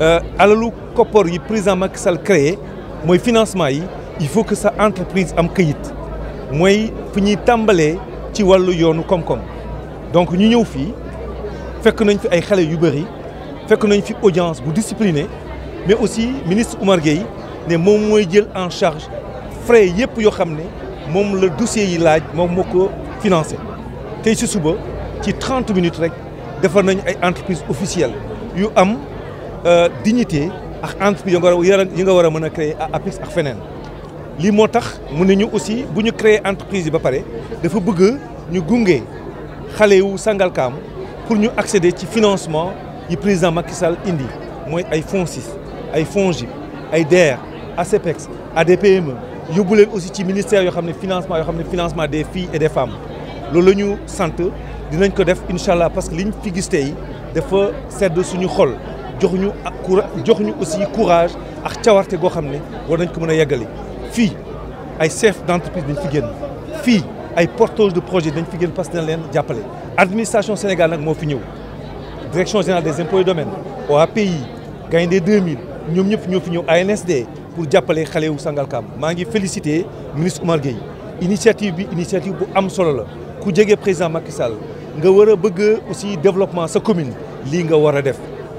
Euh, alalu copor yi président Macky Sall créé moy financement yi il faut que sa entreprise am kayit moy fu tambalé ci walu yoonu kom kom donc ñu ñëw fi fekk nañ fi ay xalé yu bëri fekk nañ fi audience bu disciplinée mais aussi ministre Oumar Gueye ne mom moy jël en charge frais yépp yo xamné mom le dossier yi laaj mom moko financer tay ci suba ci 30 minutes rek defar nañ ay entreprise officielle yu am euh, dignité ak entreprise yi nga war a wara mëna créer à ak fenen li motax tax ñu aussi buñu créer entreprise ba paré dafa bëgg ñu gunge xale yu Sangalkam pour ñu accéder ci financement yi président Macky Sall indi moy ay FONSIS ay yi ay DER ACPEX ADPME yóbbu len aussi ci ministère yo xamné financement yo xamné financement des filles et des femmes loolu la ñu sant dinañ ko def inshallah parce que liñ fi gis yi dafa sedd suñu xol. Nous aussi le courage ak war nañ ko chef d'entreprise dañ porteurs de projet dañ fi parce administration direction générale des impôts et domaines 2000 ñom avons ANSD pour wu Sangalkam ma ngi ministre Oumar Gueye initiative bi initiative bu am solo la président Macky nga aussi développement sa commune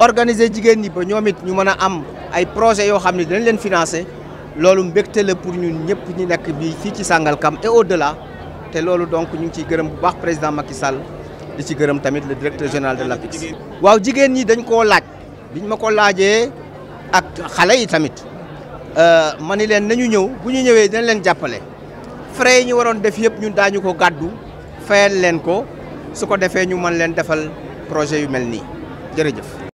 organiser jigéen ñi ba ñoom it ñu mën a am ay projets yoo xam ne dañ leen financer loolu mbégte la pour ñun ñëpp ñi nekk bi fii ci Sangalkam et au-delà te loolu donc ñu ngi ciy gërëm bu baax président Macky Sall di ci gërëm tamit le directeur général de l'APIX. waaw jigéen ñi dañ koo laaj biñ ma ko laajee ak xale yi tamit euh, ma ni leen nañu ñëw bu ñu ñëwee dañ leen jàppale frais yi ñu waroon def yëpp ñun daañu ko gàddu fayal leen ko su ko defee ñu mën leen defal projet yu mel nii jërëjëf.